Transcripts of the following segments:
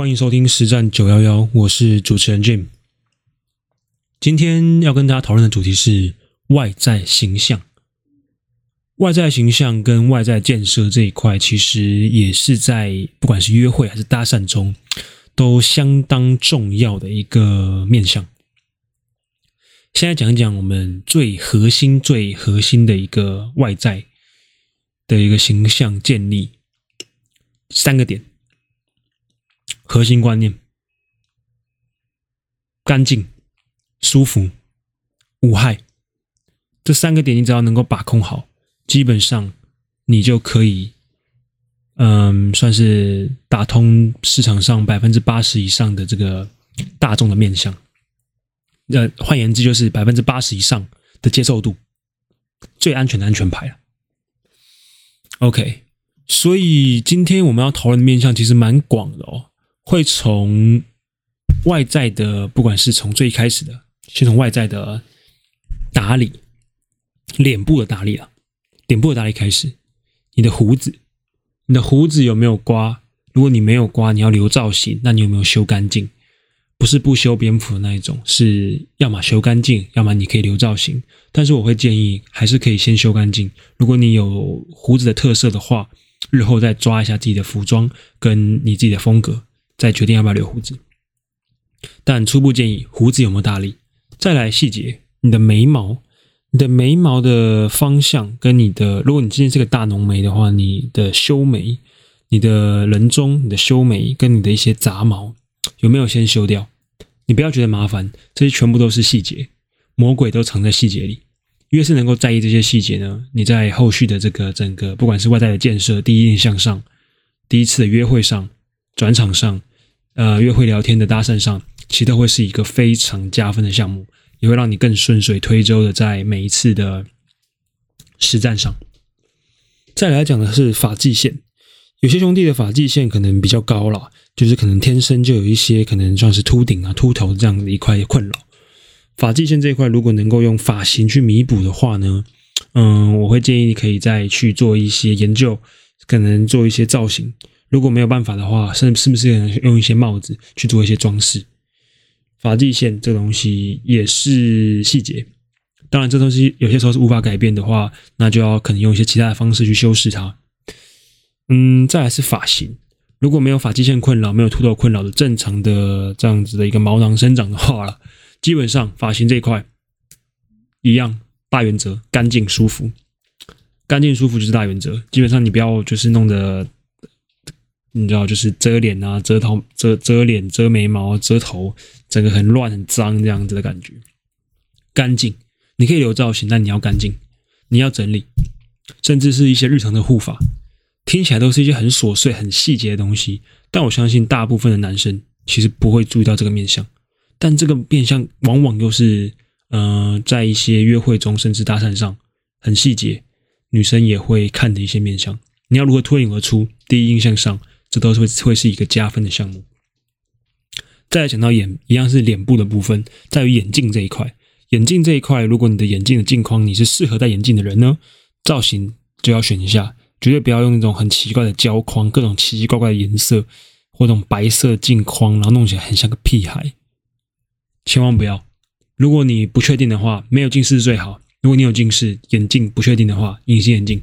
歡迎收聽實戰九幺幺，我是主持人 Jim。今天要跟大家討論的主題是外在形象。外在形象跟外在建設這一塊，其實也是在不管是約會還是搭訕中，都相當重要的一個面向。現在講一講我們最核心、最核心的一個外在的一個形象建立，三個點。核心觀念：乾淨、舒服、無害，這三個點你只要能夠把控好，基本上你就可以，嗯，算是打通市場上百分之八十以上的這個大眾的面向。呃，換言之，就是百分之八十以上的接受度，最安全的安全牌了。OK，所以今天我們要討論的面向其實蠻廣的哦。會從外在的，不管是從最開始的，先從外在的打理，臉部的打理了、啊，臉部的打理開始。你的鬍子，你的鬍子有沒有刮？如果你沒有刮，你要留造型，那你有沒有修乾淨？不是不修邊幅的那一種，是要麼修乾淨，要麼你可以留造型。但是我會建議，還是可以先修乾淨。如果你有鬍子的特色的話，日後再抓一下自己的服裝，跟你自己的風格。再決定要不要留鬍子，但初步建議鬍子有沒有大力？再來細節，你的眉毛，你的眉毛的方向跟你的，如果你今天是個大濃眉的話，你的修眉，你的人中，你的修眉跟你的一些雜毛有沒有先修掉？你不要覺得麻煩，這些全部都是細節，魔鬼都藏在細節裡。越是能夠在意這些細節呢，你在後續的這個整個不管是外在的建設，第一印象上，第一次的約會上，轉場上。呃，約會聊天的搭訕上，其實都會是一個非常加分的項目，也會讓你更順水推舟的在每一次的實戰上。再來講的是髮際線，有些兄弟的髮際線可能比較高了，就是可能天生就有一些可能算是禿頂啊、禿頭這樣的一塊困擾。髮際線這一塊如果能夠用髮型去彌補的話呢，嗯，我會建議你可以再去做一些研究，可能做一些造型。如果沒有辦法的話，是，是不是能用一些帽子去做一些裝飾？髮際線這東西也是細節。當然，這東西有些時候是無法改變的話，那就要可能用一些其他的方式去修飾它。嗯，再來是髮型。如果沒有髮際線困擾，沒有禿頭困擾的正常的這樣子的一個毛囊生長的話，基本上髮型這一塊一樣大原則：乾淨、舒服。乾淨、舒服就是大原則。基本上你不要就是弄得。你知道，就是遮臉啊，遮頭，遮遮臉，遮眉毛，遮頭，整個很亂很髒這樣子的感覺。乾淨，你可以留造型，但你要乾淨，你要整理，甚至是一些日常的護髮，聽起來都是一些很瑣碎、很細節的東西。但我相信，大部分的男生其實不會注意到這個面向，但這個面向往往又、就是，嗯、呃，在一些約會中甚至搭訕上很細節，女生也會看的一些面向。你要如何脫穎而出？第一印象上。這都是會會是一個加分的項目。再來講到眼，一樣是臉部的部分，在於眼鏡這一塊。眼鏡這一塊，如果你的眼鏡的鏡框，你是適合戴眼鏡的人呢，造型就要選一下，絕對不要用那種很奇怪的膠框，各種奇奇怪怪的顏色，或那種白色鏡框，然後弄起來很像個屁孩，千萬不要。如果你不確定的話，沒有近視最好。如果你有近視，眼鏡不確定的話，隱形眼鏡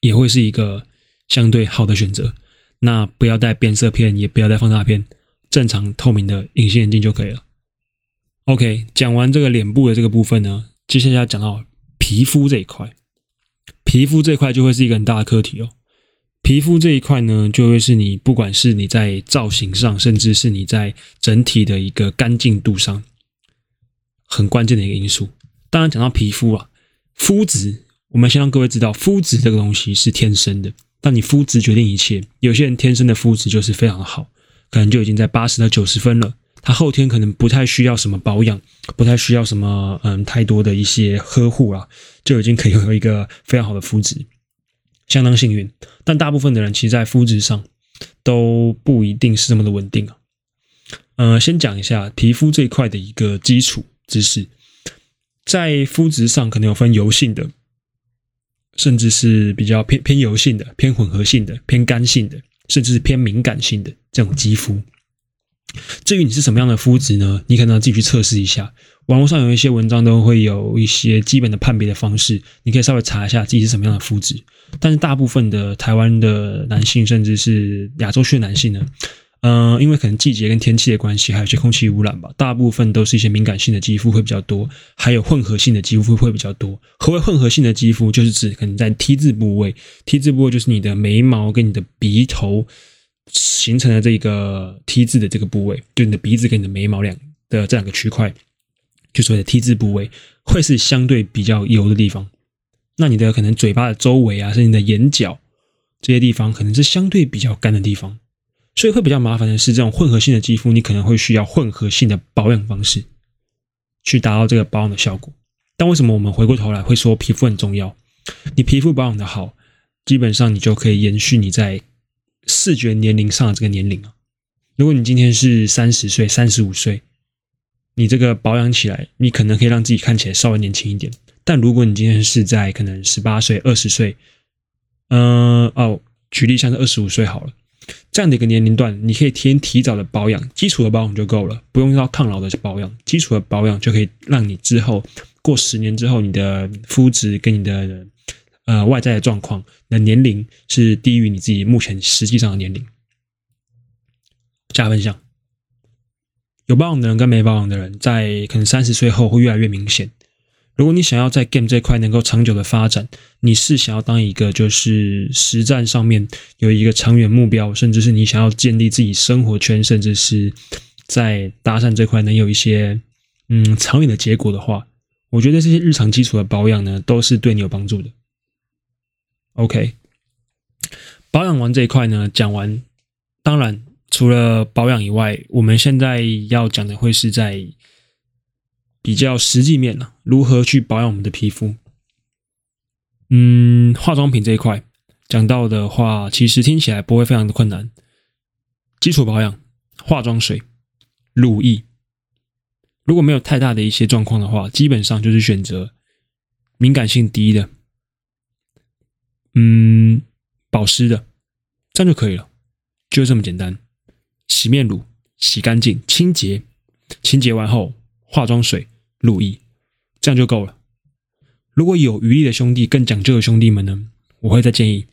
也會是一個相對好的選擇，那不要戴變色片，也不要戴放大片，正常透明的隱形眼鏡就可以了。OK，講完這個臉部的這個部分呢，接下來要講到皮膚這一塊，皮膚這塊就會是一個很大的課題哦。皮膚這一塊呢，就會是你不管是你在造型上，甚至是你在整體的一個乾淨度上，很關鍵的一個因素。當然，講到皮膚啊，膚質，我們先讓各位知道，膚質這個東西是天生的。讓你膚質決定一切。有些人天生的膚質就是非常的好，可能就已經在八十到九十分了。他後天可能不太需要什麼保養，不太需要什麼嗯太多的一些呵護了、啊，就已經可以有一個非常好的膚質，相當幸運。但大部分的人其實，在膚質上都不一定是這麼的穩定啊。嗯、呃，先講一下皮膚這一塊的一個基礎知識，在膚質上可能有分油性的。甚至是比較偏偏油性的、偏混合性的、偏乾性的，甚至是偏敏感性的這種肌膚。至於你是什麼樣的膚質呢？你可能要自己去測試一下。網絡上有一些文章都會有一些基本的判別的方式，你可以稍微查一下自己是什麼樣的膚質。但是大部分的台灣的男性，甚至是亞洲血男性呢？嗯，因為可能季節跟天氣的關係，還有些空氣污染吧，大部分都是一些敏感性的肌膚會比較多，還有混合性的肌膚會比較多。何為混合性的肌膚？就是指可能在 T 字部位，T 字部位就是你的眉毛跟你的鼻頭形成的這個 T 字的這個部位，就你的鼻子跟你的眉毛兩的這兩個區塊，就所謂的 T 字部位，會是相對比較油的地方。那你的可能嘴巴的周圍啊，是你的眼角這些地方，可能是相對比較乾的地方。所以會比較麻煩的是，這種混合性的肌膚，你可能會需要混合性的保養方式，去達到這個保養的效果。但為什麼我們回過頭來會說皮膚很重要？你皮膚保養的好，基本上你就可以延續你在視覺年齡上的這個年齡啊。如果你今天是三十歲、三十五歲，你這個保養起來，你可能可以讓自己看起來稍微年輕一點。但如果你今天是在可能十八歲、二十歲，嗯，哦，舉例像是二十五歲好了。這樣的一個年齡段，你可以提前提早的保養，基礎的保養就夠了，不用到抗老的保養。基礎的保養就可以讓你之後過十年之後，你的膚質跟你的呃外在的狀況，你的年齡是低於你自己目前實際上的年齡。加分項，有保養的人跟沒保養的人，在可能三十歲後會越來越明顯。如果你想要在 game 這塊能夠長久的發展，你是想要當一個就是實戰上面有一個長遠目標，甚至是你想要建立自己生活圈，甚至是，在搭訕這塊能有一些嗯長遠的結果的話，我覺得這些日常基礎的保養呢，都是對你有幫助的。OK，保養完這一塊呢，講完，當然除了保養以外，我們現在要講的會是在。比較實際面呢、啊，如何去保養我們的皮膚？嗯，化妝品這一塊講到的話，其實聽起來不會非常的困難。基礎保養，化妝水、乳液，如果沒有太大的一些狀況的話，基本上就是選擇敏感性低的，嗯，保濕的，這樣就可以了，就這麼簡單。洗面乳洗乾淨，清潔，清潔完後，化妝水。乳液，這樣就夠了。如果有餘力的兄弟，更講究的兄弟們呢，我會再建議，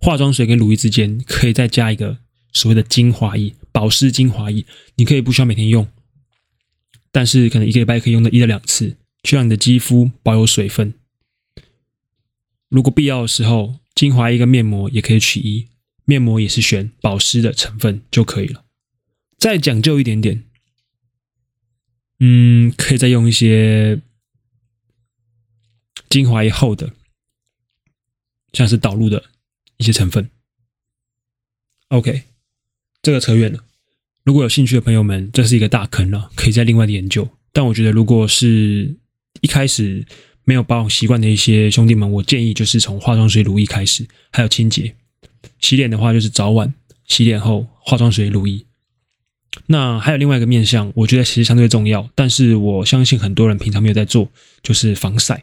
化妝水跟乳液之間可以再加一個所謂的精華液，保濕精華液。你可以不需要每天用，但是可能一個禮拜可以用個一到兩次，去讓你的肌膚保有水分。如果必要的時候，精華液跟面膜也可以取一，面膜也是選保濕的成分就可以了。再講究一點點。嗯，可以再用一些精華液後的，像是導入的一些成分。OK，這個扯遠了。如果有興趣的朋友們，這是一個大坑了，可以再另外的研究。但我覺得，如果是一開始沒有保養習慣的一些兄弟們，我建議就是從化妝水乳液開始，還有清潔。洗臉的話，就是早晚洗臉後化妝水乳液。那還有另外一個面向，我覺得其實相對重要，但是我相信很多人平常沒有在做，就是防曬。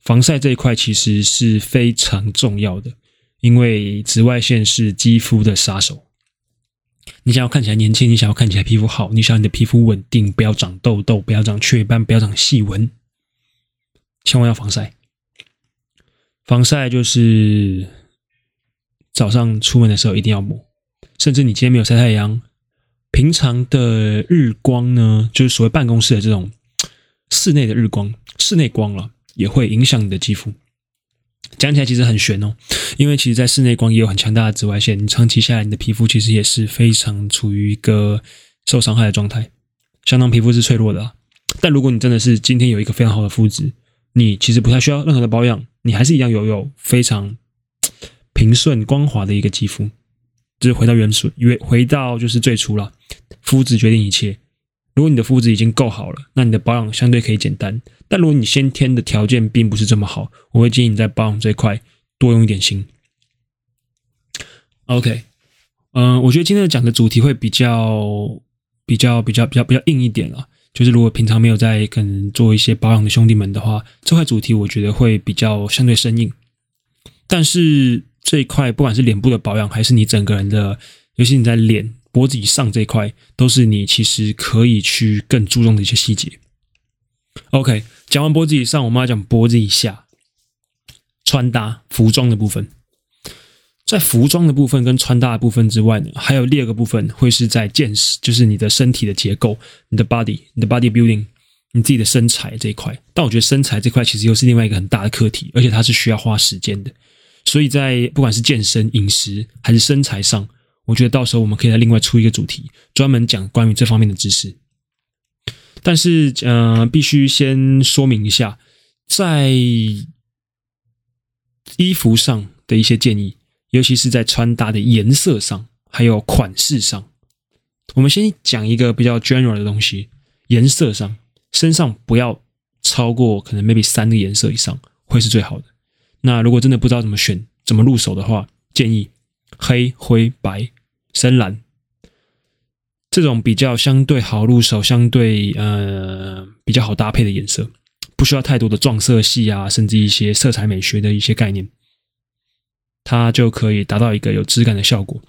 防曬這一塊其實是非常重要的，因為紫外線是肌膚的殺手。你想要看起來年輕，你想要看起來皮膚好，你想要你的皮膚穩定，不要長痘痘，不要長雀斑，不要長，不要長細紋，千萬要防曬。防曬就是早上出門的時候一定要抹，甚至你今天沒有曬太陽。平常的日光呢，就是所謂辦公室的這種室內的日光，室內光了，也會影響你的肌膚。講起來其實很玄哦、喔，因為其實，在室內光也有很強大的紫外線，你長期下來，你的皮膚其實也是非常處於一個受傷害的狀態，相當皮膚是脆弱的、啊。但如果你真的是今天有一個非常好的膚質，你其實不太需要任何的保養，你還是一樣擁有，有非常平順光滑的一個肌膚。就是回到原始，回回到就是最初了。膚質決定一切。如果你的膚質已經夠好了，那你的保養相對可以簡單。但如果你先天的條件並不是這麼好，我會建議你在保養這塊多用一點心。OK，嗯，我覺得今天講的主題會比較比較比較比較比較，比較硬一點了。就是如果平常沒有在可能做一些保養的兄弟們的話，這塊主題我覺得會比較相對生硬。但是這一塊不管是臉部的保養，還是你整個人的，尤其你在臉。脖子以上這一塊都是你其實可以去更注重的一些細節。OK，講完脖子以上，我們來講脖子以下，穿搭服裝的部分。在服裝的部分跟穿搭的部分之外呢，還有第二個部分會是在健身，就是你的身體的結構，你的 body，你的 body building，你自己的身材這一塊。但我覺得身材這塊其實又是另外一個很大的課題，而且它是需要花時間的。所以在不管是健身、飲食還是身材上。我覺得到時候我們可以再另外出一個主題，專門講關於這方面的知識。但是，嗯、呃，必須先說明一下，在衣服上的一些建議，尤其是在穿搭的顏色上，還有款式上。我們先講一個比較 general 的東西：顏色上，身上不要超過可能 maybe 三個顏色以上，會是最好的。那如果真的不知道怎麼選、怎麼入手的話，建議。黑、灰、白、深藍，這種比較相對好入手、相對呃比較好搭配的顏色，不需要太多的撞色系啊，甚至一些色彩美學的一些概念，它就可以達到一個有質感的效果，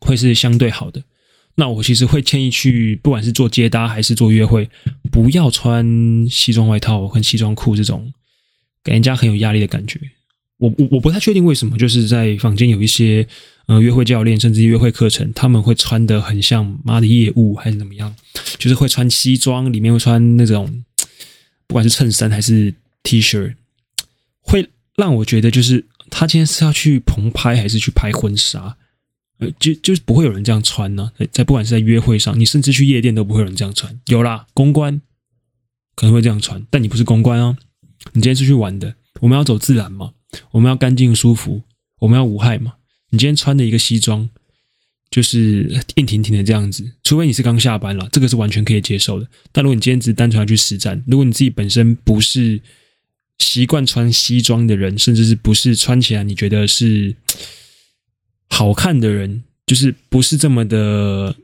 會是相對好的。那我其實會建議去，不管是做街搭還是做約會，不要穿西裝外套跟西裝褲這種，給人家很有壓力的感覺。我我我不太確定為什麼，就是在坊間有一些嗯、呃、約會教練甚至約會課程，他們會穿的很像媽的業務還是怎麼樣，就是會穿西裝，裡面會穿那種不管是襯衫還是 T 恤，會讓我覺得就是他今天是要去棚拍還是去拍婚紗，呃就就是不會有人這樣穿呢、啊，在不管是在約會上，你甚至去夜店都不會有人這樣穿。有啦，公關可能會這樣穿，但你不是公關啊、哦，你今天是去玩的，我們要走自然嘛。我們要乾淨舒服，我們要無害嘛。你今天穿的一個西裝，就是硬挺挺的這樣子，除非你是剛下班了，這個是完全可以接受的。但如果你今天只是單純要去實戰，如果你自己本身不是習慣穿西裝的人，甚至是不是穿起來你覺得是好看的人，就是不是這麼的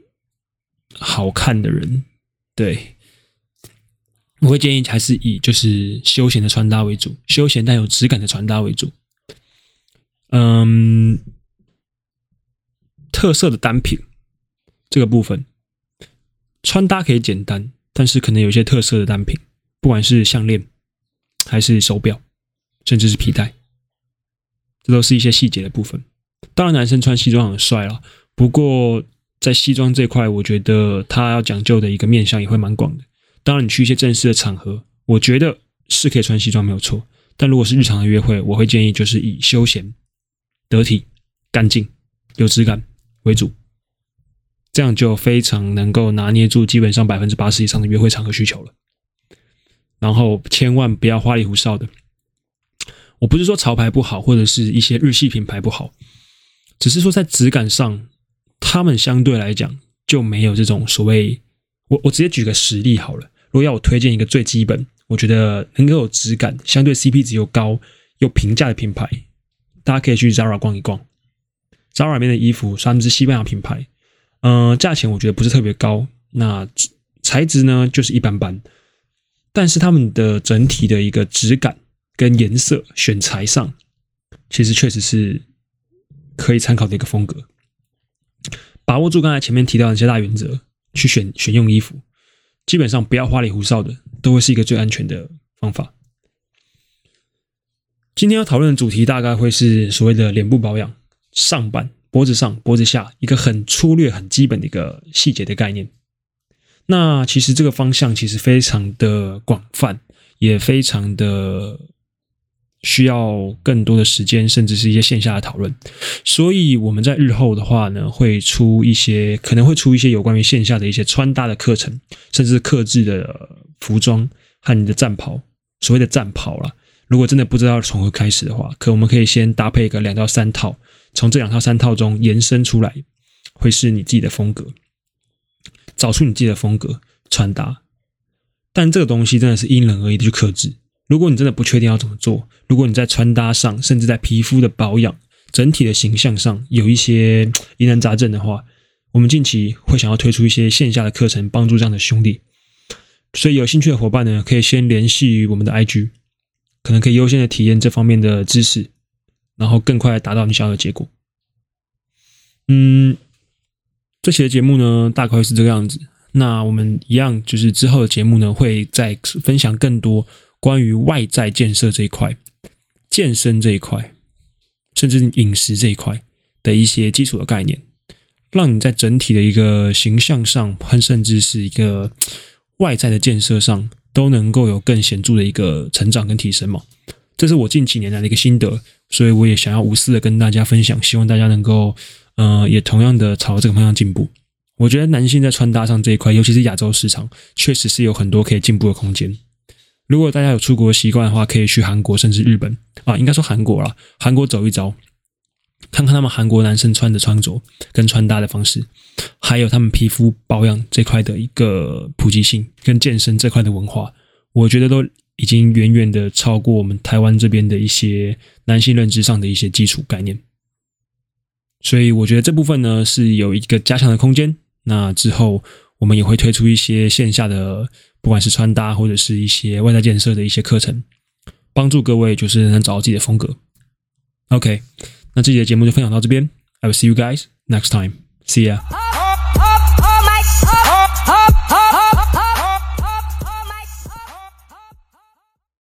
好看的人，對。我會建議還是以就是休閒的穿搭為主，休閒但有質感的穿搭為主。嗯，特色的單品這個部分，穿搭可以簡單，但是可能有些特色的單品，不管是項鏈，還是手表，甚至是皮帶，這都是一些細節的部分。當然，男生穿西裝很帥啦，不過在西裝這塊，我覺得他要講究的一個面向也會蠻廣的。當然，你去一些正式的場合，我覺得是可以穿西裝，沒有錯。但如果是日常的約會，我會建議就是以休閒、得體、乾淨、有質感為主，這樣就非常能夠拿捏住基本上百分之八十以上的約會場合需求了。然後千萬不要花裡胡哨的。我不是說潮牌不好，或者是一些日系品牌不好，只是說在質感上，他們相對來講就沒有這種所謂。我我直接舉個實例好了。如果要我推薦一個最基本，我覺得能夠有質感、相對 CP 值又高又平價的品牌，大家可以去 Zara 逛一逛。Zara 裡面的衣服，他們是西班牙品牌，嗯，價錢我覺得不是特別高。那材質呢，就是一般般，但是他們的整體的一個質感跟顏色選材上，其實確實是可以參考的一個風格。把握住剛才前面提到的一些大原則。去選選用衣服，基本上不要花裡胡哨的，都會是一個最安全的方法。今天要討論的主題大概會是所謂的臉部保養、上半、脖子上、脖子下，一個很粗略、很基本的一個細節的概念。那其實這個方向其實非常的廣泛，也非常的。需要更多的時間，甚至是一些線下的討論。所以我們在日後的話呢，會出一些，可能會出一些有關於線下的一些穿搭的課程，甚至是客製的服裝和你的戰袍。所謂的戰袍啦，如果真的不知道從何開始的話，可我們可以先搭配一個兩到三套，從這兩套三套中延伸出來，會是你自己的風格，找出你自己的風格穿搭。但這個東西真的是因人而異的去客製。如果你真的不確定要怎麼做，如果你在穿搭上，甚至在皮膚的保養、整體的形象上有一些疑難雜症的話，我們近期會想要推出一些線下的課程，幫助這樣的兄弟。所以有興趣的伙伴呢，可以先聯繫我們的 IG，可能可以優先的體驗這方面的知識，然後更快達到你想要的結果。嗯，這期的節目呢，大概會是這個樣子。那我們一樣就是之後的節目呢，會再分享更多。關於外在建設這一塊、健身這一塊，甚至飲食這一塊的一些基礎的概念，讓你在整體的一個形象上，很甚至是一個外在的建設上，都能夠有更顯著的一個成長跟提升嘛。這是我近幾年來的一個心得，所以我也想要無私的跟大家分享，希望大家能夠，嗯、呃，也同樣的朝這個方向進步。我覺得男性在穿搭上這一塊，尤其是亞洲市場，確實是有很多可以進步的空間。如果大家有出國習慣的話，可以去韓國甚至日本啊，應該說韓國啦，韓國走一遭，看看他們韓國男生穿的穿着跟穿搭的方式，還有他們皮膚保養這塊的一個普及性跟健身這塊的文化，我覺得都已經遠遠的超過我們台灣這邊的一些男性認知上的一些基礎概念。所以我覺得這部分呢，是有一個加強的空間。那之後。我們也會推出一些線下的，不管是穿搭或者是一些外在建設的一些課程，幫助各位就是能找到自己的風格。OK，那這期的節目就分享到這邊，I will see you guys next time，see ya。